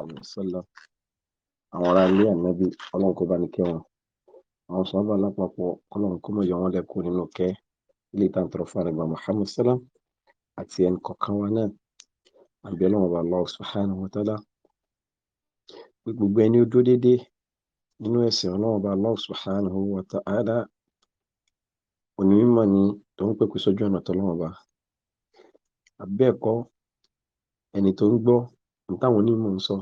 àlùsọ́lá àwọn ará ilé ànábì ọlọ́run kó bá ní kẹ́ wọn àwọn sọ́ọ́bà lápapọ̀ ọlọ́run kó mọ̀ yọ wọn lẹ́kọ̀ọ́ nínú kẹ́ ilé ìtàntọ̀rọ̀ fún àrẹ̀gbà Muhammad sọ́lá àti ẹnì kọ̀ọ̀kan wa náà àbí ọlọ́run ọba Allah subhanahu wa ta'ala pé gbogbo ẹni ó dúró déédé nínú ẹ̀sìn ọlọ́run ọba Allah subhanahu wa ta'ala onímọ̀ ni tó ń pèpè sójú ọ̀nà tọ́lọ́run ọba àbẹ́ẹ̀kọ́ ẹni tó ń gbọ́ táwọn onímọ̀ ń sọ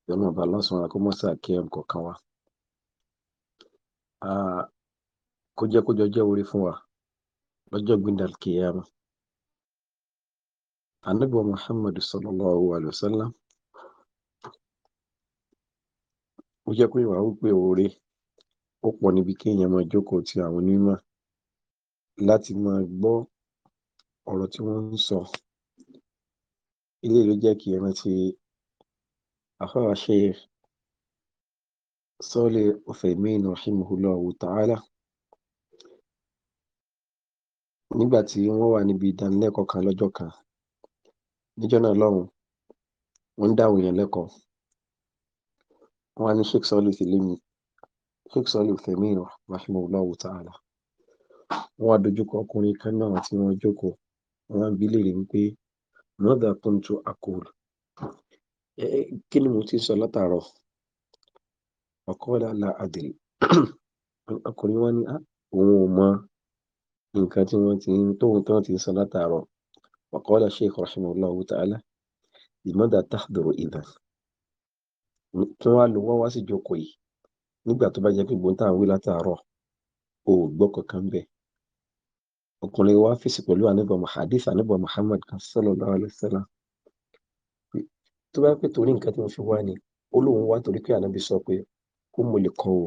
ìjọba ọba lọ́sàn-án akọ́mọ́sà kí ẹn kọ̀ọ̀kan wa ah, kó jẹ́ kó jọ jẹ́ orí fún wa lọ́jọ́ gbìndàl kìyàmù anábì muhammad sallallahu alayhi wa sallam ó jẹ́ pé wàá wípé oore ó pọ̀ níbi kéèyàn máa jókòó ti àwọn onímọ̀ láti máa gbọ́ ọ̀rọ̀ tí wọ́n ń sọ eléyìí ló jẹ́ kí n rántí àfáà Sheikh Salih Uthaymin rahimahullahu ta'ala nígbà tí wọ́n wà níbi ìdánilẹ́kọ̀ọ́ kan lọ́jọ́ kan níjọ́ náà lọ́hùn wọ́n ń dáwọ̀ èèyàn lẹ́kọ̀ọ́ wọ́n á ní Sheikh Salih Uthaymin Sheikh Salih Uthaymin rahimahullahu ta'ala wọ́n á dojúkọ ọkùnrin kan náà tí wọ́n jókòó wọ́n á bi léèrè wípé ماذا كنت أقول كلمة صلاة عرف وقال لا أدري أقول واني وما إن كانت وانتين تو تانتين صلاة عرف وقال الشيخ رحمه الله تعالى لماذا تحضر إذا توالو وواسي جوكوي nígbà tó bá jẹ́ pé gbóńtà ń wí látàárọ̀ o ò gbọ́ kankan bẹ́ẹ̀ ọkùnrin wa fèsì pẹ̀lú àníbọ̀ hadith àníbọ̀ Muhammad sallallahu alaihi wasallam tó bá pẹ́ torí nǹkan tí mo fi wá ni ó lóun wá torí pé ànábì sọ pé kó mo lè kọ́ o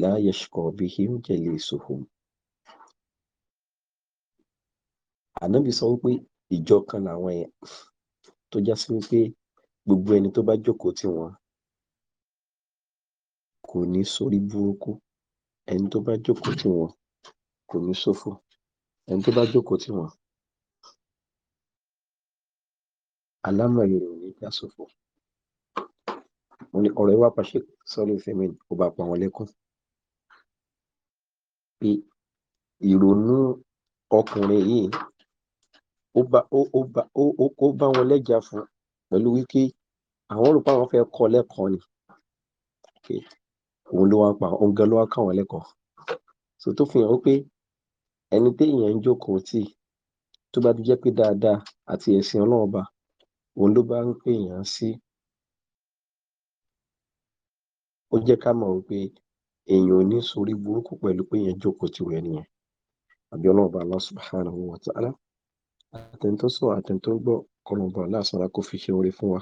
la yashqa bihim jalisuhum. ànábì sọ wípé ìjọ kan làwọn yẹn tó já sí wípé gbogbo ẹni tó bá jókòó tì wọ́n kò ní sórí burúkú ẹni tó bá jókòó tì wọ́n kò ní ṣòfò ẹni tó bá jókòó tì wọn alámọye rẹ ò ní já sófo wọn ni ọ̀rọ̀ ìwà pàṣẹ sọlẹ fẹmi kò bá pa wọn lẹ́kùn pé ìrònú ọkùnrin yìí ó bá ó bá ó kó bá wọn lẹ́jà fún pẹ̀lú wípé àwọn olùkọ́ àwọn fẹ́ kọ́ lẹ́kọ̀ọ́ ni òun ló wá pa òun gan ló wá kọ́ àwọn lẹ́kọ̀ọ́ so tó fi hàn ó ẹni téèyàn ń jókòó tì tó bá ti jẹ́ pé dáadáa àti ẹ̀sìn ọlọ́run ọba òun ló bá ń pèèyàn sí ó jẹ́ ká mọ̀ wípé èèyàn ò ní sorí burúkú pẹ̀lú pé èèyàn jókòó tì rẹ̀ nìyẹn àbí ọlọ́run ọba Allah subhanahu wa ta'ala àtẹ̀ntó sọ àtẹ̀ntó gbọ́ kọ́lọ́n ọba aláàsánra kó fi ṣe oore fún wa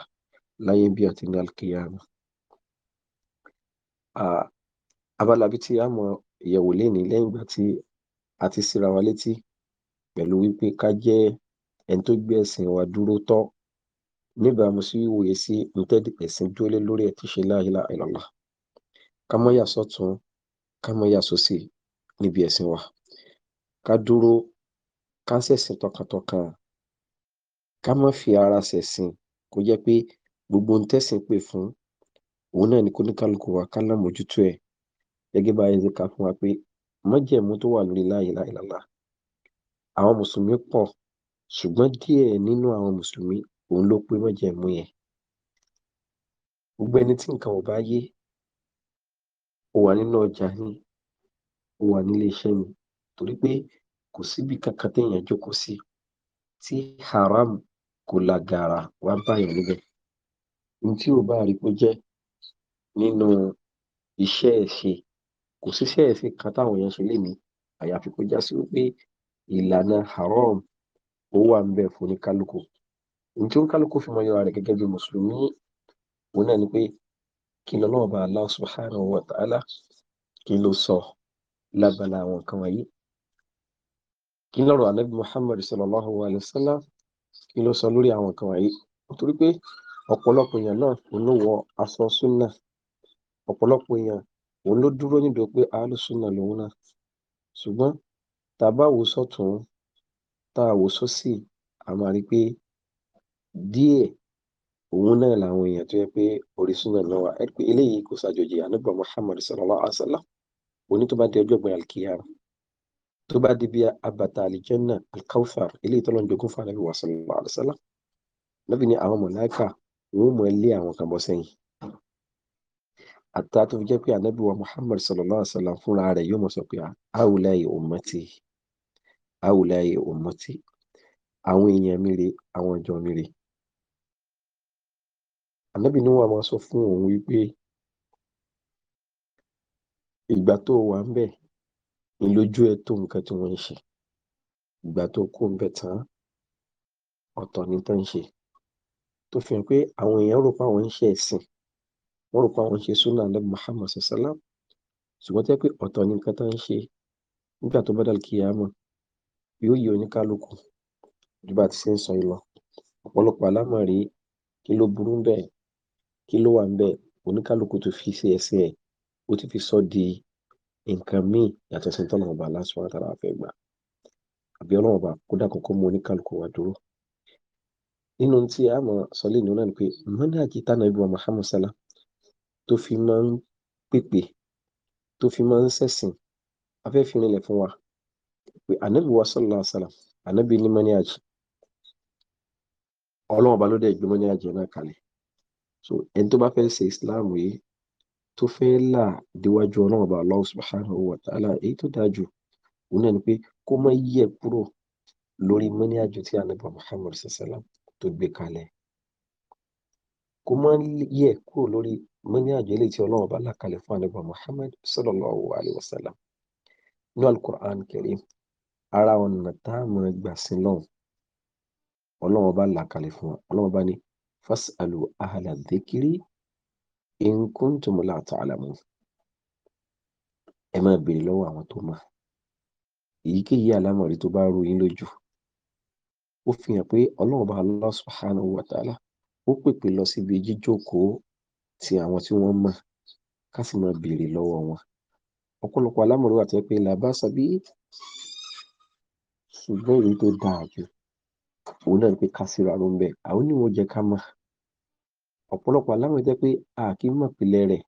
láyé bí àti ní alkiyama abala bíi tí a mọ ìyẹ̀wò lénìí lẹ́yìn ìgbà tí àti síra wa létí pẹ̀lú wípé ká jẹ́ ẹni tó gbé ẹ̀sìn wa dúró tọ́ níbàámu sí wíwòye sí ntẹ́dì ẹ̀sìn dúró lé lórí ẹ̀ tí ṣe la ilaha illallah ká má yà sọ́tún ká má yà sósì níbi ẹ̀sìn wa ká dúró ká ṣẹ̀sìn tọkàntọkàn ká má fi ara ṣẹ̀sìn kó jẹ́ pé gbogbo ntẹ́sìn pè fún òun náà ni kóníkálukú wa ká lámòjútó ẹ̀ gẹ́gẹ́ bá yẹn ṣe kà fún wa pé mọ́jẹ̀mú tó wà lórí la ilaha illallah àwọn mùsùlùmí pọ̀ ṣùgbọ́n díẹ̀ nínú àwọn mùsùlùmí òun ló pé mọ́jẹ̀mú yẹn gbogbo ẹni tí nǹkan ò bá yé ó wà nínú ọjà ni ó wà nílé iṣẹ́ ni torí pé kò síbi kankan téèyàn jókòó sí tí haram kò lagara wá báyọ̀ níbẹ̀ ní tí ò bá rí kó jẹ́ nínú iṣẹ́ ẹ̀ ṣe kò síṣẹ́ ẹ̀sìn kan táwọn èèyàn ṣe léni àyàfi kó já sí wípé ìlànà haram ó wà ń bẹ fún oníkálukú ní tí oníkálukú fi mọ yọra rẹ̀ gẹ́gẹ́ bí mùsùlùmí òun náà ni pé kí lọ náà bá Allah subhanahu wa ta'ala kí ló sọ lábala àwọn nǹkan wọ̀nyí kí lọ́rọ̀ anabi Muhammad sallallahu alayhi wa sallam kí ló sọ lórí àwọn nǹkan wọ̀nyí nítorí pé ọ̀pọ̀lọpọ̀ èèyàn náà kò wọ aṣọ súnà ọ̀pọ̀lọpọ̀ èèyàn òun ló dúró nídùú pé alùsùnà lòun náà ṣùgbọ́n tá a bá wò sọ́tún tá a wò sósì a máa rí i pé díẹ̀ òun náà làwọn èèyàn tó yẹ pé orí náà wà ẹ pé eléyìí kò ṣàjòjì ànábì Muhammad sallallahu alaihi wa sallam òní tó bá di ọjọ́ gbọ́n alkiyama tó bá di bí abàtà àlìjẹ́nà alkawfar eléyìí tọ́lọ́ ń jogún fún ànábì alaihi wa sallam nábì ni àwọn mọ̀láìkà wọn mọ̀ ẹ́ lé àwọn kan bọ́ sẹ́yìn àtà tó fi jẹ́ pé ànábì wa Muhammad sallallahu alaihi wa sallam fúnra rẹ̀ yóò mọ̀ sọ pé haulai ummati haulai ummati àwọn èèyàn mi rè àwọn ìjọ mi rè ànábì ni wọ́n máa sọ fún òun wípé ìgbà tó wà ń bẹ̀ ń lójú ẹ tó nǹkan tí wọ́n ń ṣe ìgbà tó kó ń bẹ̀ tán ọ̀tọ̀ ni tó ń ṣe tó fi hàn pé àwọn èèyàn rò pé àwọn ń ṣe ẹ̀sìn wọ́n rò pé àwọn ń ṣe súnà Ànábì Muhammad sallam ṣùgbọ́n tẹ́ pé ọ̀tọ̀ ni nǹkan tó ń ṣe nígbà tó bá dàl kíyàmọ̀ yóò yí oníkálukú ju bá ti ṣe ń sọ yìí lọ ọ̀pọ̀lọpọ̀ alámọ̀ rí kí ló burú ń bẹ̀ kí ló wà ń bẹ̀ oníkálukú tó fi ṣe ẹsẹ̀ ẹ̀ ó ti fi sọ di nǹkan míì yàtọ̀ sí tọ́nà ọba aláṣọ àtàrà àfẹ́ gbà àbí ọlọ́run ọba kó dà sallam tó fi máa ń pèpè tó fi máa ń ṣẹ̀sìn a fẹ́ fi rinlẹ̀ fún wa pé ànábì wa sallallahu alaihi ànábì ní manhaj ọlọ́run ọba ló dẹ̀ gbé manhaj náà kalẹ̀ so ẹni tó bá fẹ́ ṣe islam yìí tó fẹ́ là déwájú ọlọ́run ọba Allah subhanahu wa ta'ala èyí tó dáa jù òun náà ni pé kó má yẹ̀ kúrò lórí manhaj tí ànábì Muhammad sallallahu alaihi tó gbé kalẹ̀ kó má yẹ̀ kúrò lórí mo ní àjọ eléyìí tí ọlọ́run bá làkalẹ̀ fún ànábì muhammad sallallahu alayhi wa sallam ní alukur'an karim ara ọ̀nà tá a mọ̀ gbà sí lọ́hùn ọlọ́run bá làkalẹ̀ fún wa ọlọ́run bá ní fasalu ahala dhikri in kuntum la ta'lamun ẹ máa béèrè lọ́wọ́ àwọn tó mọ̀ èyíkéyìí àlámọ̀rí tó bá rú yín lójú ó fi hàn pé ọlọ́run bá Allah subhanahu wa ó pèpè lọ síbi jíjókòó ti àwọn tí wọ́n mọ̀ ká sì máa béèrè lọ́wọ́ wọn ọ̀pọ̀lọpọ̀ alámọ̀rẹ́ wà tó yẹ pé làbá sọ bí ṣùgbọ́n èyí tó dáa jù òun náà ni pé ká síra ló ń bẹ àwọn onímọ̀ jẹ́ ká mọ̀ ọ̀pọ̀lọpọ̀ alámọ̀rẹ́ jẹ́ pé a kì í mọ̀ ìpìlẹ̀ rẹ̀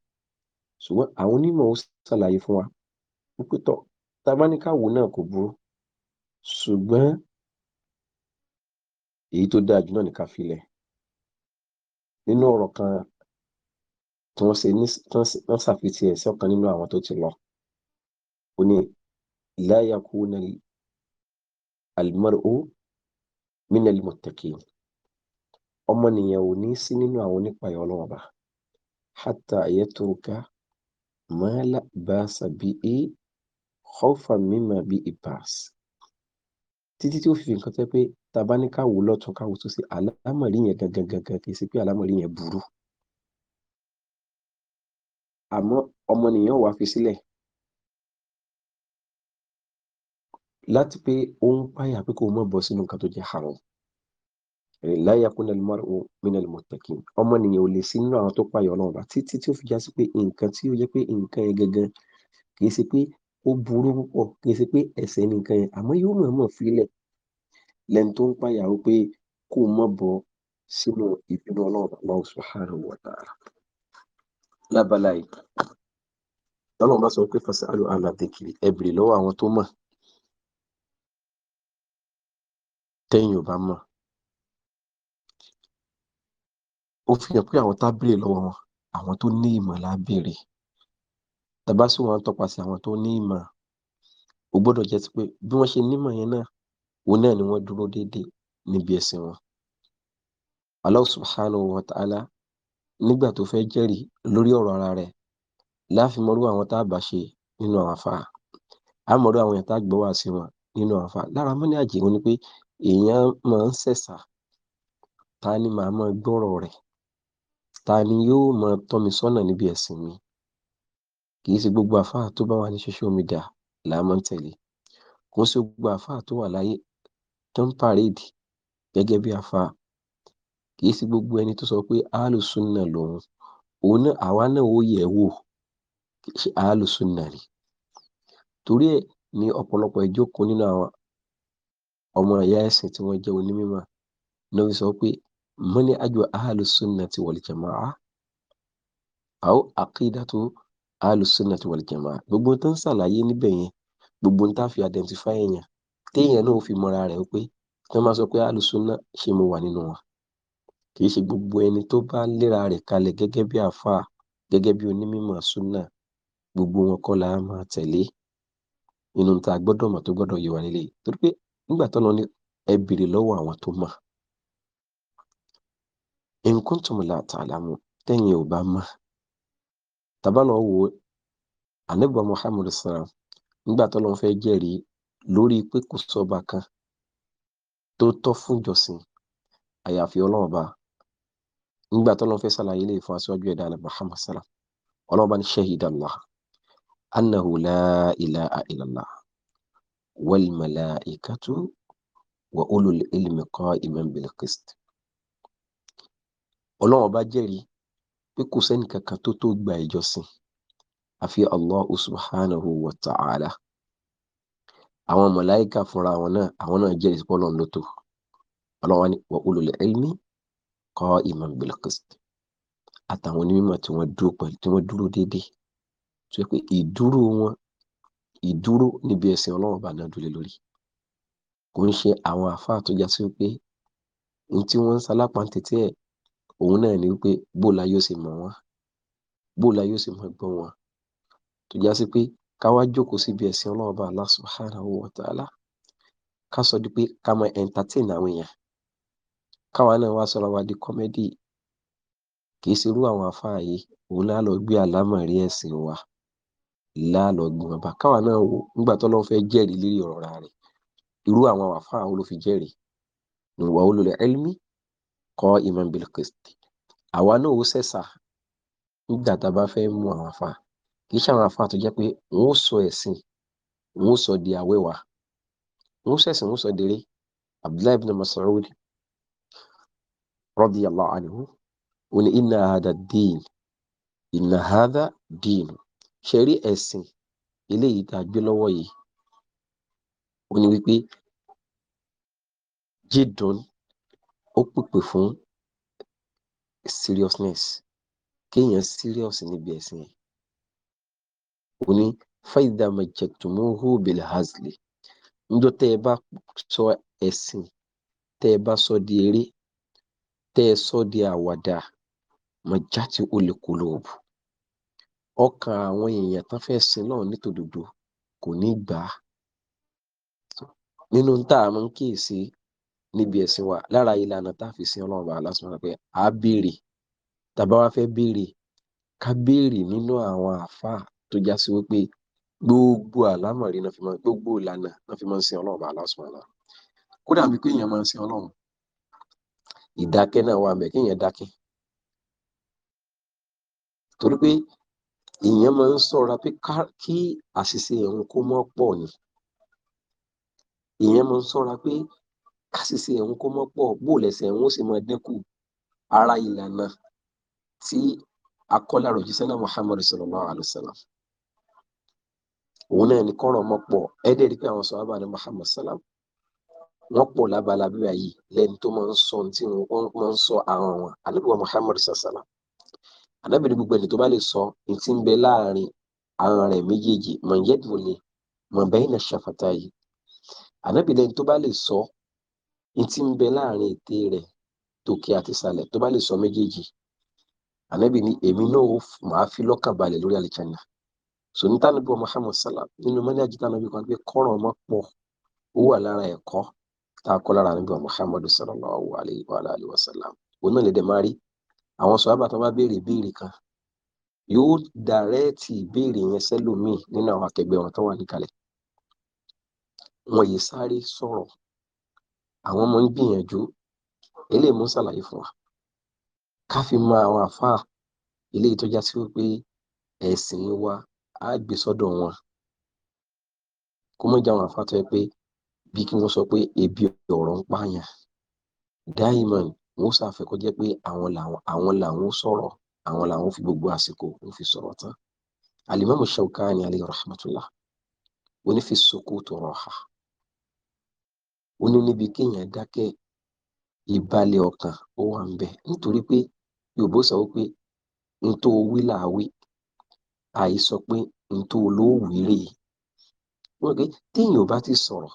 ṣùgbọ́n àwọn onímọ̀ ó ṣàlàyé fún wa wípé tọ́ tá náà kò burú ṣùgbọ́n èyí tó dáa jù náà ni ká filẹ̀ nínú ọ̀rọ̀ kan tí wọ́n ṣe ní wọ́n ṣàfihàn ẹ̀ sí ọ̀kan nínú àwọn tó ti lọ ó ní la yakuna al-mar'u min al-muttaqin ọmọnìyàn ò ní sí nínú àwọn onípayọ̀ ọlọ́wọ́n bá hatta yatruka ma la ba'sa bihi khawfan mimma bihi ba's títí tí ó fi nǹkan tẹ́ pé tá a tó sí àlámọ̀rí yẹn gangan gangan kì í ṣe pé àlámọ̀rí yẹn burú àmọ́ ọmọnìyàn wàá fi sílẹ̀ láti pé ó ń páyà pé kò mọ̀ bọ́ sínú nǹkan tó jẹ́ haram la yakuna al mina al-muttaqin ọmọnìyàn ò lè sí nínú àwọn tó páyà ọlọ́run bá títí tí ó fi já sí pé nǹkan tí ó jẹ́ pé nǹkan yẹn gangan kì í ṣe pé ó burú púpọ̀ kì í ṣe pé ẹ̀ṣẹ̀ ni yẹn àmọ́ yóò mọ̀ mọ̀ fílẹ̀ tó ń páyà ó pé kò mọ̀ bọ́ sínú ìbínú ọlọ́run Allah subhanahu wa ta'ala lábala yìí tọ́lọ́run bá sọ pé fasalu aladekiri ẹ bèrè lọ́wọ́ àwọn tó mọ̀ tẹ́yìn ò bá mọ̀ ó fi hàn pé àwọn tá bèrè lọ́wọ́ wọn àwọn tó ní ìmọ̀ la bèrè tabasi wọn tọpasẹ̀ àwọn tó ní ìmọ̀ ò gbọ́dọ̀ jẹ́ sí pé bí wọ́n ṣe nímọ̀ yẹn náà òun náà ni wọ́n dúró déédéé níbi ẹ̀sìn wọn. Allah subhanahu wa ta'ala nígbà tó fẹ́ jẹ́rìí lórí ọ̀rọ̀ ara rẹ̀ láàfin mọ́rú àwọn tá a bá ṣe nínú àwọn afa àmọ́rú àwọn yẹn tá a gbọ́ wá sí wọn nínú àwọn afa lára mọ́ni àjẹ́ wọn ni pé èèyàn máa ń sẹ̀sà ta ni màá máa gbọ́rọ̀ rẹ̀ ta ni yóò máa tọ́ mi sọ́nà níbi ẹ̀sìn mi kì ṣe gbogbo afa tó bá wà ní social media là á máa tẹ̀lé kò ń gbogbo afa tó wà láyé tó ń parade gẹ́gẹ́ bí afa kì í sí gbogbo ẹni tó sọ pé alùsùnà lòun òun náà àwa náà ó yẹ̀ wò ṣe alùsùnà rí torí ẹ̀ ní ọ̀pọ̀lọpọ̀ ìjókòó nínú àwọn ọmọ ẹ̀yà ẹ̀sìn tí wọ́n jẹ́ onímọ̀ náà fi sọ pé mọ́ni àjọ alùsùnà ti wal jamaa àwọn àkídàtò alùsùnà ti wal jamaa gbogbo tó ń ṣàlàyé níbẹ̀ yẹn gbogbo tá a fi identify èèyàn téèyàn náà fi mọ́ra rẹ̀ pé tí wọ́n bá sọ pé alùsùnà ṣe mo wà nínú wọn kì ṣe gbogbo ẹni tó bá léra rẹ kalẹ̀ gẹ́gẹ́ bí àáfàá gẹ́gẹ́ bí onímọ̀ súnà gbogbo wọn kọ́ la máa tẹ̀lé inú ta gbọ́dọ̀ mọ̀ tó gbọ́dọ̀ yé wa nílé torí pé nígbà tó lọ ní ẹ àwọn tó mọ̀ la ò bá mọ̀ tàbá lọ wo nígbà tó lọ fẹ́ jẹ́rìí lórí pé kò sọ́ba kan nígbà tó lọ́n fẹ́ sàlàyé lè fún aṣáájú ẹ̀dá alẹ́ Muhammad sara ọlọ́run bá ní ṣẹ́hìdá Allah annahu la ilaha illallah wal malaikatu wa ulul ilmi qa'iman bil qist ọlọ́run bá jẹ́rìí pé kò sẹ́ni kankan tó tó gba ìjọsìn àfi Allah subhanahu wa ta'ala àwọn màláíkà fúnra wọn náà àwọn náà jẹ́rìí sí pé ọlọ́run ló tó ọlọ́run ilmi qa'iman bil qist àtàwọn onímọ̀ tí wọ́n dúró pẹ̀lú tí wọ́n dúró déédéé tó yẹ pé ìdúró wọn ìdúró níbi ẹ̀sìn ọlọ́run bá náà dúlé lórí kò ń ṣe àwọn àáfàá tó já sí wípé ní tí wọ́n ń salápa ń tètè ẹ̀ òun náà ni wípé bóòlá yóò ṣe mọ̀ wọ́n bóòlá yóò ṣe mọ̀ gbọ́n wọn tó já sí pé ká jókòó síbi ẹ̀sìn ọlọ́run bá Allah subhanahu wa ká sọ di pé ká máa entertain àwọn èèyàn káwa náà wá sọra wa di kọ́mẹ́dì kì í ṣerú àwọn àfáà yìí òun náà lọ gbé àlámọ̀rí ẹ̀sìn wa la gbọ̀n bá náà wò nígbà tó lọ́n fẹ́ jẹ́rìí lérí ọ̀rọ̀ rẹ̀ irú àwọn àfáà wo ló fi jẹ́rìí nùwà olùlẹ̀ ẹlmí kọ́ imam bil kristi àwa náà ó sẹ̀sà nígbà tá a bá fẹ́ mú àwọn àfáà kì í ṣe àwọn àfáà tó jẹ́ pé wọ́n sọ ẹ̀sìn wọ́n sọ di radiyallahu anhu ala ní inna hada din inna hada esi, ṣe rí ẹ̀sìn eléyìí tá a gbé lọ́wọ́ kenyere Onye seriousness kéèyàn serious níbi ẹ̀sìn yẹn ó ní sọ sọ di tẹ́ ẹ sọ di àwàdà mọ̀játì ọkàn àwọn èèyàn tán fẹ́ sin náà nítòdodo kò ní gbà á nínú tá a máa ń kíyèsí níbi ẹ̀sìn wa lára ìlànà tá a fi sin ọlọ́run bàálà sọ pé a béèrè tàbá wa fẹ́ béèrè ká béèrè nínú àwọn àfa tó já sí wípé gbogbo àlámọ̀rí náà fi máa gbogbo ìlànà náà fi máa ń sin ọlọ́run bàálà sọ náà kódà bí pé èèyàn máa ń sin ọlọ́run ìdákẹ́ náà wà mẹ́ kéèyàn dákẹ́ torí pé èèyàn máa ń ṣọ́ra pé kí àṣìṣe ẹ̀hún kó mọ́ pọ̀ ni èèyàn máa ń ṣọ́ra pé kásìṣe ẹ̀hún kó mọ́ pọ̀ bóòlẹ̀sẹ̀ ẹ̀hún ó sì máa dínkù ara ìlànà tí akọ́lárò jíṣẹ́ náà Muhammad sallallahu alaihi wasallam òun náà ní kọ́rọ̀ mọ́ pọ̀ ẹ́dẹ̀ẹ́dì pé àwọn sọ̀rọ̀ bá ní Muhammad sallam wọ́n pọ̀ lábala bíbá yìí lẹ́ni tó máa ń sọ tí wọ́n máa ń sọ àwọn wọn ànábì wa muhammad sasala ànábì ní gbogbo ẹni tó bá lè sọ ní ti ń bẹ láàrin àwọn rẹ̀ méjèèjì mọ̀ yẹ́dùwọlé mọ̀ bẹ́ẹ̀ náà ṣàfàtà yìí ànábì lẹ́ni tó bá lè sọ ní ti ń bẹ láàrin ètè rẹ̀ tòkè àti ìsàlẹ̀ tó bá lè sọ méjèèjì ànábì ní èmi náà máa fi lọ́kàn balẹ̀ lórí àlìjánnà sọ̀nìtàn níbi wa nínú mọ́ni kan pé kọ́ràn ọmọ pọ̀ tá a kọ́ níbi wa muhammadu sallallahu alayhi wa alayhi wa sallam òun náà lè dẹ̀ máa rí àwọn sọ̀rọ̀ tó bá béèrè ìbéèrè kan yóò dàrẹ́ẹ̀tì ìbéèrè yẹn sẹ́lòmíì nínú àwọn akẹgbẹ́ wọn tó wà níkàlẹ̀ wọn yìí sáré sọ̀rọ̀ àwọn ọmọ ń gbìyànjú eléyìí mú sàlàyé fún wa ká fi mọ àwọn àfáà eléyìí tó já sí wípé ẹ̀sìn wa á gbé sọ́dọ̀ wọn kó mọ̀ jẹ́ àwọn àfáà tó yẹ pé bí kí wọ́n sọ pé ebi ọ̀rọ̀ ń pààyàn dáìmọ̀n wọ́n ṣàfẹ́ kó jẹ́ pé àwọn làwọn àwọn làwọn sọ̀rọ̀ àwọn làwọn fi gbogbo àsìkò wọ́n fi sọ̀rọ̀ tán alimami Shawkani alayhi rahmatullah onífi sukutu raha ó ní níbi kéèyàn dákẹ́ ìbalẹ̀ ọkàn ó wà ń bẹ̀ nítorí pé Yorùbá sọ pé n tó wí làwí àìsọ pé n tó olówó wí rèé wọ́n téèyàn bá ti sọ̀rọ̀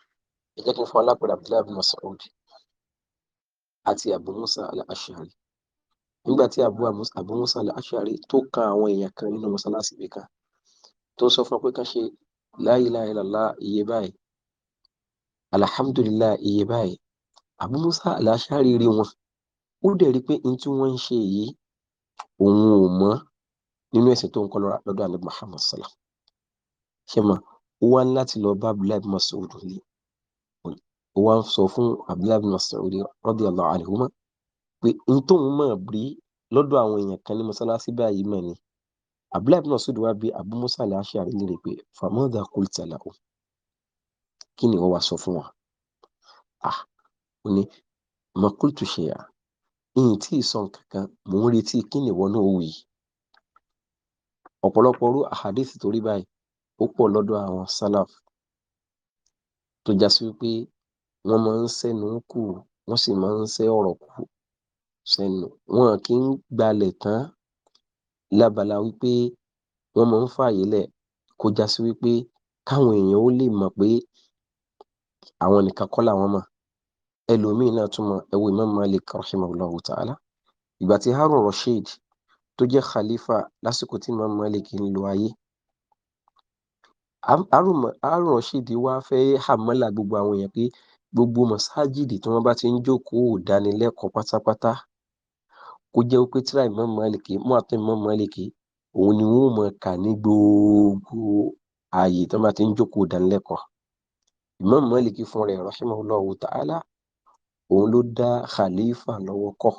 ẹ jẹ́ kí n fún alápẹ̀rẹ̀ abdullahi bin masoud àti abu musa al-ashari nígbà tí abu musa al-ashari tó kan àwọn èèyàn kan nínú mọ́sálásí bí kan tó sọ fún ọ pé ká ṣe la ilaha illallah iye báyìí alhamdulillah iye báyìí abu musa al-ashari rí wọn ó dẹ̀ rí pé n tí wọ́n ń ṣe yìí òun ò mọ́ nínú ẹ̀sìn tó ń kọ́ lọ́dọ̀ àlẹ́ muhammad salam ṣe mọ̀ ó wá láti lọ bá abdullahi bin masoud ní ó wá ń sọ fún abdullahi bin masoud radiyallahu anhuma pé n tóun mọ̀ rí lọ́dọ̀ àwọn èèyàn kan ní mọ́sálásí báyìí mọ̀ ni abdullahi bin wá bí abu musa al-ash'ari léèrè pé famọ́dà o lahu kí ni wọ́n wá sọ fún wa ah ó ní ma qultu shay'a ìyìn tí ì sọ nǹkankan mò ń retí kí ni ìwọ náà wì ọ̀pọ̀lọpọ̀ orú àhàdíìsì torí báyìí ó pọ̀ lọ́dọ̀ àwọn sálàf tó já wípé wọ́n máa ń sẹ́nu kù wọ́n sì máa ń sẹ́ ọ̀rọ̀ kù sẹ́nu wọn kì í gbalẹ̀ tán lábala wípé wọ́n máa ń fààyè lẹ̀ kó já sí wípé káwọn èèyàn ó lè mọ̀ pé àwọn nìkan kọ́ làwọn mọ̀ ẹlòmíín náà tún mọ̀ ẹ wo Imam Malik rahimahullahu ta'ala ìgbà tí Harun Rashid tó jẹ́ khalifa lásìkò tí Imam Malik ń lo ayé Harun Rashid wá fẹ́ hàmọ́là gbogbo àwọn èèyàn pé gbogbo masajidi tí wọ́n bá ti ń jókòó ìdánilẹ́kọ̀ọ́ pátápátá kó jẹ́ pé tíra Imam Malik muwatta Imam Malik òun ni wọ́n mọ̀ kà ní gbogbo ààyè tí wọ́n bá ti ń jókòó ìdánilẹ́kọ̀ọ́ Imam Malik fún rẹ̀ rahimahullahu ta'ala òun ló dá khalifa lọ́wọ́ kọ́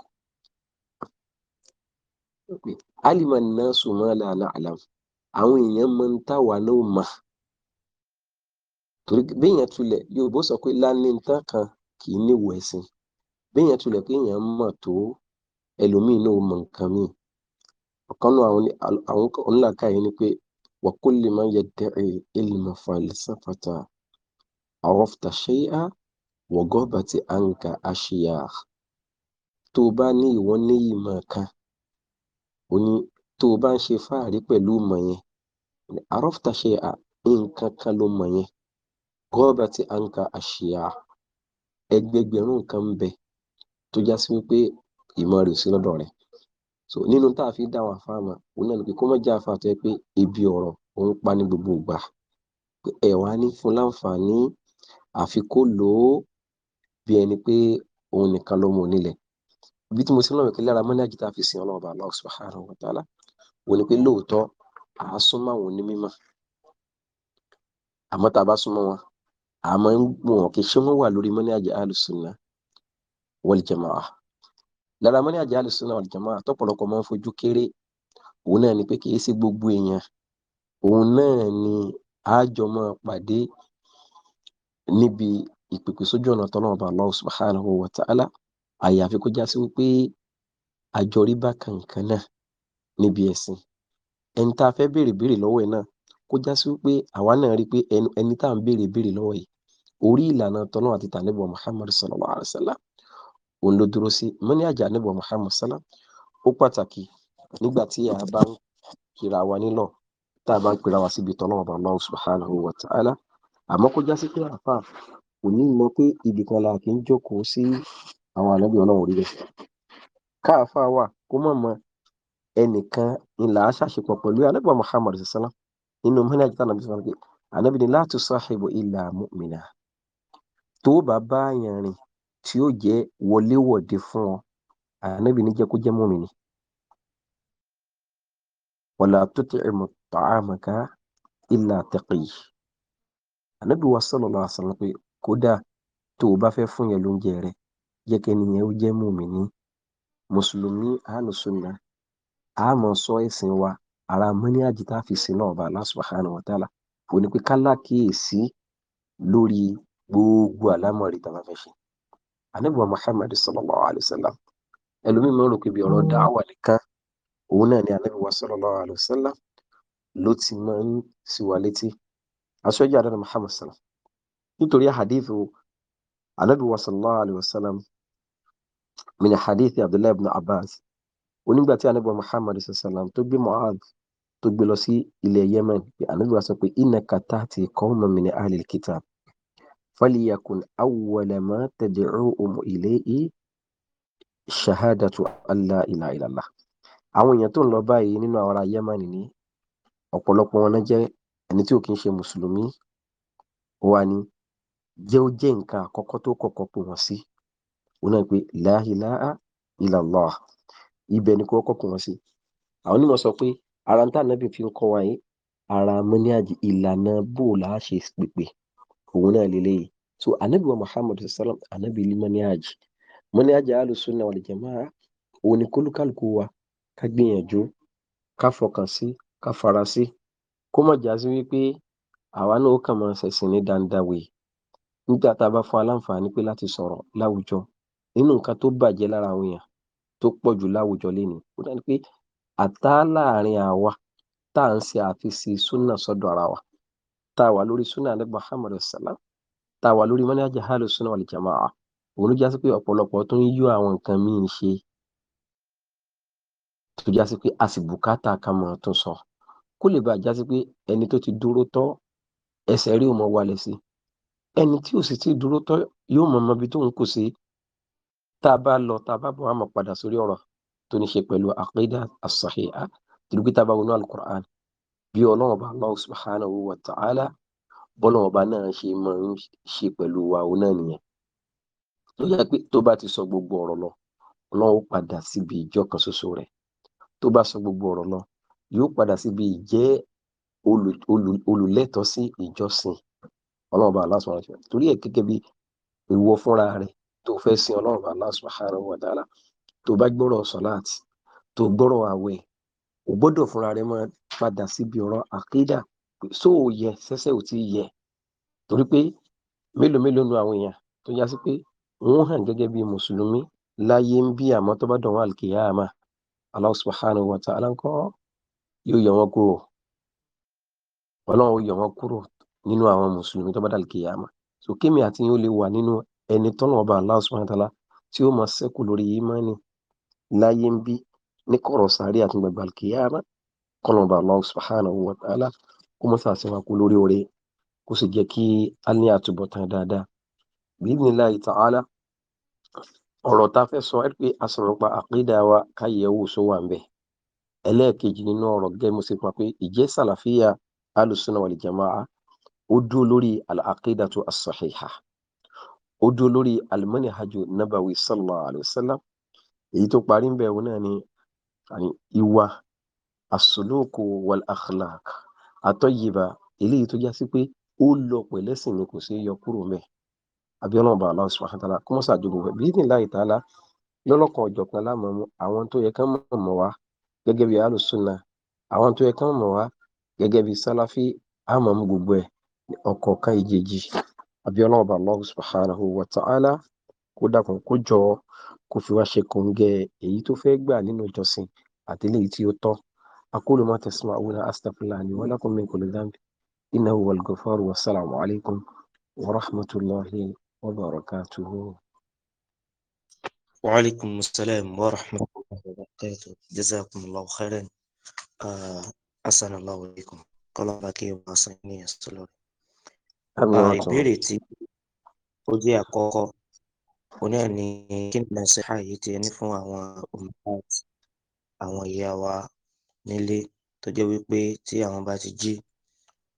alima nasu ma la na'lam àwọn èèyàn mọ ń táwa náà mà torí béèyàn tulẹ̀ yorùbá sọ pé lánìntàn kan kì í níwò ẹ̀sìn béèyàn tulẹ̀ pé èèyàn mọ̀ tó ẹlòmíì náà mọ̀ nǹkan míì ọ̀kan náà àwọn onílàkà yìí ni pé wàkúlì máa yẹ dẹ́rẹ́ ìlmọ̀ fàlẹ́sàfàtà àròfta ṣẹ́yà wọ̀gọ́bà ti àǹkà àṣeyà tó o bá ní ìwọ ní ìmọ̀ kan ó tó bá ń ṣe fáàrí pẹ̀lú ìmọ̀ yẹn àròfta ṣẹ́yà nǹkan kan ló mọ̀ yẹn gọ́ọ̀bàtì anka àṣìyà ẹgbẹgbẹ̀rún nǹkan ń bẹ tó já sí wípé ìmọ̀ rẹ̀ ò sí lọ́dọ̀ rẹ̀ so nínú tá a fi dá àwọn afá òun náà ni pé kó má jẹ́ afá tó yẹ pé ebi ọ̀rọ̀ òun pa ní gbogbo ìgbà ẹ̀ wá ní fún láǹfààní àfi kó lò ó bí ẹni pé òun nìkan ló mú nílẹ̀ ibi tí mo sì ń lọ́wọ́ lára mọ́nájì tá fi sin ọlọ́ọ̀bà Allah subhanahu wa òun ni pé lóòótọ́ àásùnmọ́ àwọn onímọ̀ àmọ́ tá a bá súnmọ́ wọn àmọ́ wọn kì í ṣe wọ́n wà lórí manhaj alùsùnà wal jamaa lára manhaj alùsùnà wal jamaa tọ́pọ̀lọpọ̀ máa ń fojú kéré òun náà ni pé kì í ṣe gbogbo èèyàn òun náà ni àjọ máa pàdé níbi ìpèpè sójú ọ̀nà tọ́lọ́run ọba Allah subhanahu wa ta'ala àyàfi kó já sí wípé àjọrí bá kankan náà níbi ẹ̀sìn ẹni tá a fẹ́ béèrè béèrè lọ́wọ́ ẹ̀ náà kó já sí wípé àwa náà rí i pé ẹni tá à ń béèrè béèrè lọ́wọ́ yìí orí ìlànà tọ́lọ́ àti tànẹ́bọ̀ muhammad sallallahu alayhi wa sallam òun ló dúró sí mọ́ní àjà ànẹ́bọ̀ muhammad sallam ó pàtàkì nígbà tí a bá ń kíra wa nílọ tá a bá ń kíra wa síbi tọ́lọ́ ọba allah subhanahu wa ta'ala àmọ́ kó já sí pé àfa kò ní mọ̀ pé ibì kan la kì í jókòó sí àwọn ànábì ọlọ́run rí rẹ̀ káàfa wà kó mọ̀ mọ́ ẹnìkan ńlá aṣàṣepọ̀ pẹ̀lú ànẹ́bí muhammad sallam nínú mọ́nà àjẹtà ànàbí sọ̀rọ̀ pé ànàbí ni la tusahibu illa mu'mina tó bá báàyàn rìn tí ó jẹ́ wọléwọ̀de fún ọ ànábì ní jẹ́ kó jẹ́ mùmínì wàlá tut'imu ta'amaka illa taqi ànábì wa sallallahu alaihi wasallam pé kódà tó o bá fẹ́ fún yẹn lóúnjẹ rẹ jẹ́ kẹ́ni yẹn ó jẹ́ mùmínì mùsùlùmí àlùsùnà àmọ́ sọ ẹ̀sìn wa ara mọ́ní àjìtá fi sin náà bá Allah subhanahu wa ta'ala òní pé kálákìyèsí lórí gbogbo àlámọ̀rí tá a bá fẹ́ ṣe anabiwa muhammad sallallahu alayhi wa sallam ẹlòmíín mọ̀ rò pé ibi ọ̀rọ̀ mm. dáwà nìkan òun náà ni anabiwa sallallahu alayhi wa sallam ló ti máa ń siwà létí aṣọ́jà àdáni muhammad sallam nítorí hadithu anabiwa sallallahu alayhi wa sallam min hadithi abdullahi ibn abbas onígbà tí anabiwa muhammad sallam tó gbé mu'ad tó gbé lọ sí ilẹ̀ yemen pé anabiwa sọ pé inna katati qawman min ahlil kitab فليكن أول ما تدعوهم إليه shahadatu alla ilaha illallah àwọn èèyàn tó ń lọ báyìí nínú àwọn ará yemani ní ọ̀pọ̀lọpọ̀ wọn náà jẹ́ ẹni tí ò kí ń ṣe mùsùlùmí wa ni jẹ́ ó jẹ́ nǹkan àkọ́kọ́ tó kọ́kọ́ pè wọ́n sí òun náà pé la ilaha ibẹ̀ ni kò kọ́kọ́ pè wọ́n sí àwọn onímọ̀ sọ pé ara ń tà nábì fi ń kọ́ wa yìí ara mọ́níàjì ìlànà bóòlà ṣe pèpè Kuna náà so anabi wa muhammad sallam anabi ní maniaj maniaj alusunna wal jamaa òun ni kólúkálùkù wa ká gbìyànjú ká fọkàn sí ká fara sí kó má já sí wípé àwa náà ó kàn máa ṣẹ̀sìn ní dandawe nígbà tá a bá fún aláǹfààní pé láti sọ̀rọ̀ láwùjọ nínú nǹkan tó bàjẹ́ lára àwọn èèyàn tó pọ̀ jù láwùjọ lénìí ó dá ní pé àtá láàrin àwa tá à ń ṣe àfisí súnà sọ́dọ̀ ara wa tá a wà lórí sunna Ànábì Muhammad sallam tá a wà lórí manhaj ahlus sunna wal jamaa òun ló jásí pé ọ̀pọ̀lọpọ̀ tó ń yọ àwọn nǹkan míì ṣe tó jásí pé a ká mọ̀ tó sọ kó lè bàa jásí pé ẹni tó ti dúró tọ́ ẹsẹ̀ rí ò mọ̀ sí ẹni tí ò sì ti dúró tọ́ yóò mọ̀ mọ́ ibi tóun kù sí tá a bá lọ tá a bá bọ̀ á mọ̀ padà sórí ọ̀rọ̀ tó ní ṣe pẹ̀lú àkídà as-sahiha tìlúkítà bá wọnú al bí ọlọ́run ọba allah subhanahu wa ta'ala bọ́lọ́run ọba náà ṣe máa ń ṣe pẹ̀lú wa òun náà nìyẹn tó yẹ pé tó bá ti sọ gbogbo ọ̀rọ̀ lọ ọlọ́run ó padà síbi ìjọ kan ṣoṣo rẹ̀ tó bá sọ gbogbo ọ̀rọ̀ lọ yóò padà síbi ìjẹ́ olùlẹ́tọ̀ọ́ sí ìjọsìn ọlọ́run ọba allah subhanahu wa ta'ala torí ẹ̀ gẹ́gẹ́ bí ìwọ fúnra rẹ̀ tó fẹ́ sin ọlọ́run ọba allah subhanahu wa ta'ala tó bá gbọ́rọ̀ sọ̀láàtì tó gbọ́rọ̀ àwẹ̀ o gbọ́dọ̀ fúnra rẹ máa padà síbi ọ̀rọ̀ àkídà so ò yẹ sẹ́sẹ́ ò tí ì yẹ torí pé mélòó mélòó nu àwọn èèyàn tó yá sí pé wọ́n hàn gẹ́gẹ́ bí mùsùlùmí láyé ń bí àmọ́ tó bá dàn wọ́n àlùkìyámà Allah subhanahu wa ta'ala ń kọ́ yóò yọ wọ́n kúrò ọlọ́run yọ wọ́n kúrò nínú àwọn mùsùlùmí tó bá dà àlùkìyámà so kémi àti yín lè wà nínú ẹni tọ́nà ọba Allah subhanahu wa tí ó mọ sẹ́kù lórí ìmánì láyé ń bí ní kọ̀rọ̀ sáré àti gbàgbà kìyàmá kọlọ̀ọ̀bà Allah subhanahu wa ta'ala kó mọ́ sàṣẹ wa kú lórí oore kó sì jẹ́ kí a ní àtúbọ̀tán dáadáa bi'idhnillahi ta'ala ọ̀rọ̀ tá a fẹ́ sọ ẹ́ pé a sọ̀rọ̀ pa àkídà wa káyẹ̀wò sọ wà ń bẹ̀ ẹlẹ́ẹ̀kejì nínú ọ̀rọ̀ mo ṣe pa pé ìjẹ́ sàlàfíà alùsùnà wal jama'a ó dúró al-aqidatu as-sahiha ó dúró al-manhaju nabawi sallallahu alayhi wa èyí tó parí ń bẹ̀ náà ni ani ìwà àsòlóòkò wal akhlaq àtọ́yìbá eléyìí tó já sí pé ó lọ pẹ̀lẹ́sìn ni kò sí yọ kúrò mẹ́ abiola ọba Allah subhanahu wa ta'ala kọ́mọ́sá àjogún bẹ́ẹ̀ bí ní láì tààlà lọ́lọ́kan ọ̀jọ̀kan láàmú àwọn tó yẹ ká mọ̀ mọ̀ wá bí alùsùnà àwọn tó yẹ ká mọ̀ wá gẹ́gẹ́ bí sálàfí àmọ́ gbogbo ẹ̀ ọ̀kọ̀ọ̀kan ìjèjì abiola ọba Allah subhanahu wa ta'ala kó dákun kó jọ kó fi wá ṣe kòńgẹ́ èyí tó fẹ́ gbà nínú ìjọsìn àti eléyìí tí ó tọ́ aqulu ma tasma'una astaghfirullah li wa lakum min kulli dhanb innahu huwal ghafar wassalamu alaykum wa rahmatullahi wa barakatuhu. wa alaykum assalam wa rahmatullahi wa barakatuhu jazakumullahu khairan ah, asanallahu alaykum kọlọba kí o máa ní ẹsùn ah, ìbéèrè tí ó jẹ́ àkọ́kọ́ oní ẹni kí ni ẹsẹ ààyè ti ẹni fún àwọn òmìnira àwọn ìyá wa nílé tó jẹ́ wípé tí àwọn bá ti jí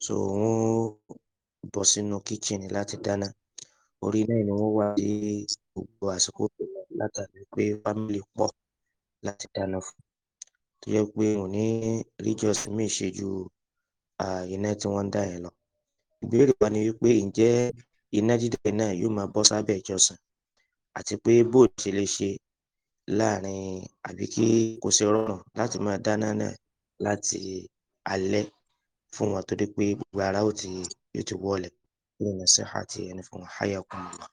so wọ́n ó bọ̀ sínú kíchìnì láti dáná orí náà ni wọ́n wà sí gbogbo àsìkò látàrí pé fámìlì pọ̀ láti dáná fún tó jẹ́ pé wọn ní ríjọsìn míì ṣe ju iná tí wọ́n ń dá yẹn lọ ìbéèrè wa ni wípé ǹjẹ́ iná dídá náà yóò máa bọ́ sábẹ́ ìjọsìn àti pé bó ṣe lè ṣe láàrin àbí kí kò sí rọrùn láti máa dáná náà láti alẹ́ fún wọn torí pé gbogbo ara ó ti yóò ti wọlé ní nasiha ti ẹni fún wọn hayakumullah.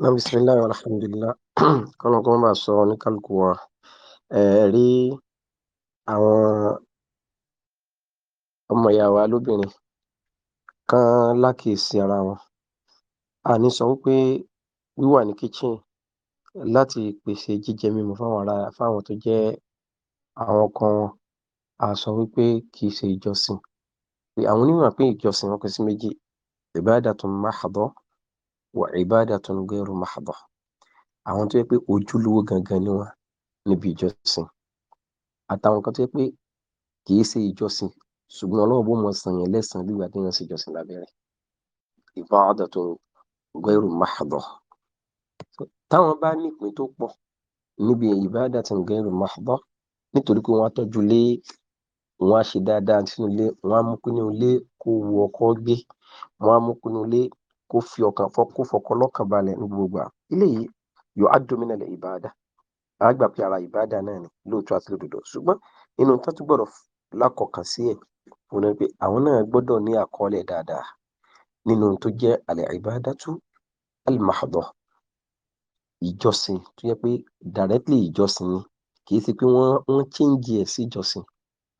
náà bisimilayi alhamdulilah kọ́nà kó máa sọ ní kálukú wa rí àwọn ọmọ ìyá wa lóbìnrin kan lákìísí ara wọn àní sọ wípé wíwà ní kitchen láti pèsè jíjẹ mímu fáwọn ará fáwọn tó jẹ́ àwọn kan wọn a sọ wí pé kì í ṣe ìjọsìn àwọn onímọ̀ pín ìjọsìn wọn pín sí méjì ìbádatun mahdo wa ìbádatun ghairu mahdo àwọn tó jẹ́ pé ojúlówó gangan ni wọ́n níbi ìjọsìn àtàwọn kan tó jẹ́ pé kì í ṣe ìjọsìn ṣùgbọ́n Ọlọ́run bó mọ sàn yẹn lẹ́sàn-án bí ìgbà téèyàn ṣe ìjọsìn lábẹ́ rẹ̀ ìbádatun ghairu mahdo táwọn bá nípìn tó pọ̀ níbi ibadatin gairu mahdha nítorí pé wọ́n á tọ́jú ilé wọ́n á ṣe dáadáa sínú ilé wọ́n á mú kí inú ilé kó wu ọkọ gbé wọ́n á mú kí inú ilé kó fi ọkàn fọ́ kó fọkàn lọ́kàn balẹ̀ ní gbogbo ìgbà eléyìí yu'addu minal ibada á gbà pé ara ìbáda náà ni lóòótọ́ àti lódodo ṣùgbọ́n inú tó gbọ́dọ̀ lákọ̀ọ́kàn sí ẹ̀ òun náà pé àwọn náà gbọ́dọ̀ ní àkọọ́lẹ̀ dáadáa nínú tó jẹ́ al-ibadatu al-mahdha ìjọsìn tó yẹ pé directly ìjọsìn ni kì í ṣe pé wọ́n wọ́n change ẹ̀ sí ìjọsìn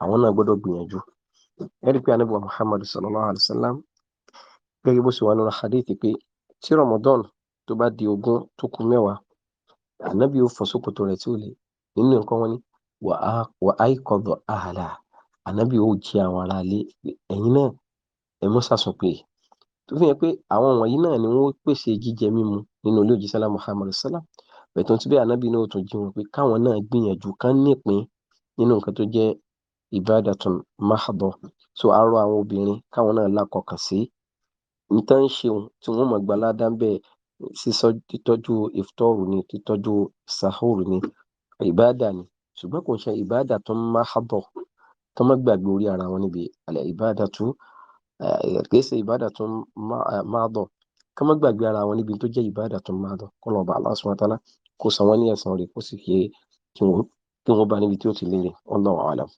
àwọn náà gbọ́dọ̀ gbìyànjú ẹ rí i pé ànábì wa muhammad sallallahu alayhi wa sallam gẹ́gẹ́ bó ṣe wà nínú hadith pé tí ramadan tó bá di ogún tó kù mẹ́wàá ànábì yóò fọ ṣòkòtò rẹ̀ tí ò lè nínú nǹkan wọn ni wà á kọ̀dọ̀ àhàlà ànábì yóò jí àwọn aráalé ẹ̀yin náà ẹ mọ́ sàsùn pé tó fi hàn pé àwọn wọ̀nyí náà ni wọ́n pèsè jíjẹ mímu nínú ilé òjíṣẹ́ lá muhammadu sallam bẹ̀tọ̀ tí bẹ́ẹ̀ anábì náà tún jí wọn pé káwọn náà gbìyànjú kán nípìn nínú nǹkan tó jẹ́ ibadatun mahadọ so arọ àwọn obìnrin káwọn náà lákọkàn sí nǹkan ṣeun tí wọ́n mọ̀ gbalada ń bẹ̀ sísọ títọ́jú ìfitọ́rù ni títọ́jú sahur ni ìbáàdà ni ṣùgbọ́n kò ń ṣe ìbáàdà tó ń gbàgbé orí ara wọn níbi àlẹ́ ìbáàdà kìí ṣe ìbádà tún máa dọ̀ ká má gbàgbé ara wọn níbi tó jẹ́ ìbádà tún máa dọ̀ kọ́ lọ́ba Allah subhanahu wa ta'ala kó san wọ́n ní ẹ̀san rẹ̀ kó sì ṣe kí wọ́n bá níbi tí ó ti lérè Allahu a'lam.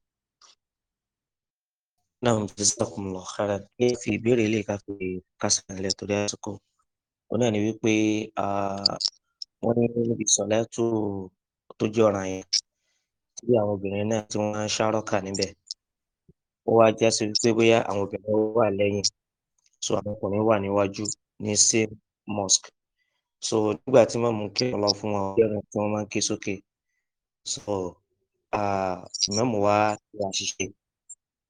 náà jazakumullahu khairan ní fi ìbéèrè ilé ká fi kásánilẹ̀ torí àsìkò ó náà ní wípé wọ́n ní níbi sọ̀lẹ́ tó jọra yẹn tí àwọn obìnrin náà tí wọ́n ń ṣàròkà níbẹ̀ ó wá já sí pé bóyá àwọn obìnrin wà lẹ́yìn so àwọn ọkùnrin wà níwájú ní same mosque so nígbà tí mọ̀mú kí wọ́n lọ fún wọn bẹ́ẹ̀ tí wọ́n máa ń ké sókè so ìmọ̀mù wa ti àṣìṣe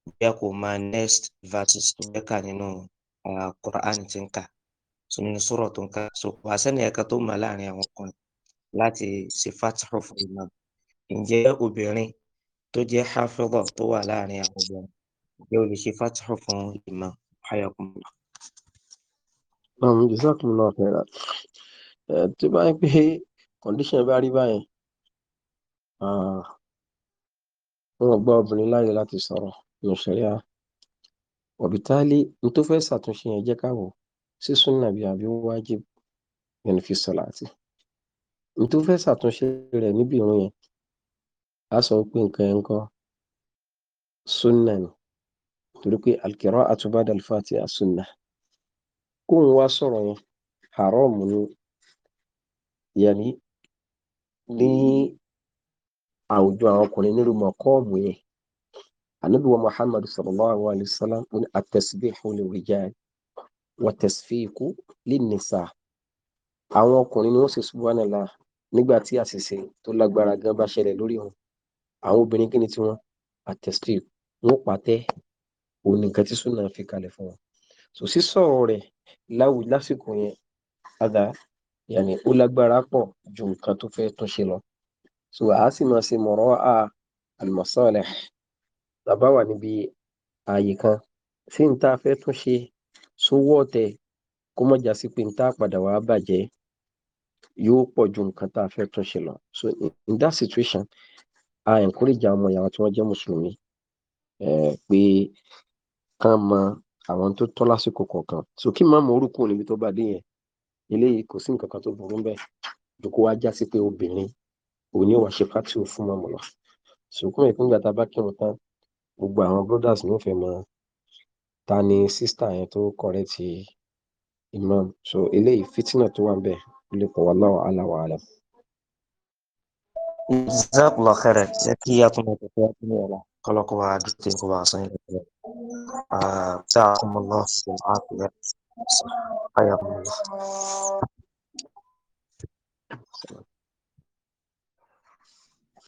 bóyá kò máa next verses tó fẹ́ kà nínú Quran tí ń kà so nínú sọ̀rọ̀ tó ń kà so wàá sẹ́ni ẹ̀ka tó mọ̀ láàrin àwọn ọkùnrin láti ṣe fatihu fún imam ǹjẹ́ obìnrin tó jẹ́ hafidha tó wà láàrin àwọn obìnrin yóò fi ṣe fátìhù fún ìmọ̀ hayakumula. jazakumullah khairan tí bá ń pé condition bá rí báyẹn wọn gba obìnrin láàyè láti sọ̀rọ̀ ní ṣẹ̀ríà ọ̀bìtálí ní tó fẹ́ ṣàtúnṣe yẹn jẹ́ káwọ̀ sí súnà bíi àbí wájib yẹn fi sọ̀lá àti ní tó fẹ́ ṣàtúnṣe rẹ̀ níbi ìrún yẹn a sọ pé nǹkan yẹn ń kọ́ súnà ni torí pé al-qira'atu ba'da al-fatiha sunnah kóun wá sọ̀rọ̀ yẹn haram ni yẹni ní àwùjọ àwọn ọkùnrin nílùú mọ̀kọ́ọ̀mù yẹn anabiwa muhammadu sallallahu alayhi wa sallam ní at-tasbihu lir-rijal wa tasfiku lin-nisa àwọn ọkùnrin ni wọ́n ṣe subhanallah nígbà tí àṣìṣe tó lágbára gan bá ṣẹlẹ̀ lórí wọn àwọn obìnrin kí ni tiwọn at-tasfiku wọ́n òun nìkan tí súnà fi kalẹ̀ fún wọn so sísọ̀rọ̀ rẹ̀ láwùjọ lásìkò yẹn àdá yàní ó lágbára pọ̀ ju nǹkan tó fẹ́ tún ṣe lọ so àá sì máa ṣe mọ̀rọ̀ à àlùmọ̀sọ́ọ̀lẹ̀ bàbá wà níbi ààyè kan sí ní tá a fẹ́ tún ṣe sówó ọ̀tẹ̀ kó mọ̀ já sí pé ní tá a padà wàá bàjẹ́ yóò pọ̀ ju nǹkan tá a fẹ́ tún ṣe lọ so in that situation a encourage àwọn ọmọ ìyàwó tí wọ́n jẹ́ mùsùlùmí eh, pé ká mọ àwọn tó tọ́ lásìkò kọ̀ọ̀kan so kí máa mọ orúkọ níbi tó bá dé yẹn eléyìí kò sí nǹkan kan tó burú bẹ́ẹ̀ jòkó wá já sí pé obìnrin òun ni ó wà ṣe pátì fún mọ́mọ́ lọ sòkún ẹ̀kún gbà tá a bá kírun tán gbogbo àwọn brothers ló fẹ́ mọ ta ni sísítà yẹn tó kọ̀rẹ́ ti imam so eléyìí fìtínà tó wà bẹ́ẹ̀ ó lè pọ̀ wá láwọ̀ aláwọ̀ alẹ́. jazakallah khairan ṣe kí a tún lọ tẹ̀síwájú ní ọ̀la. kalau kewajiban kuasanya ah, Jazakumullah fil afiyah. Hayakumullah.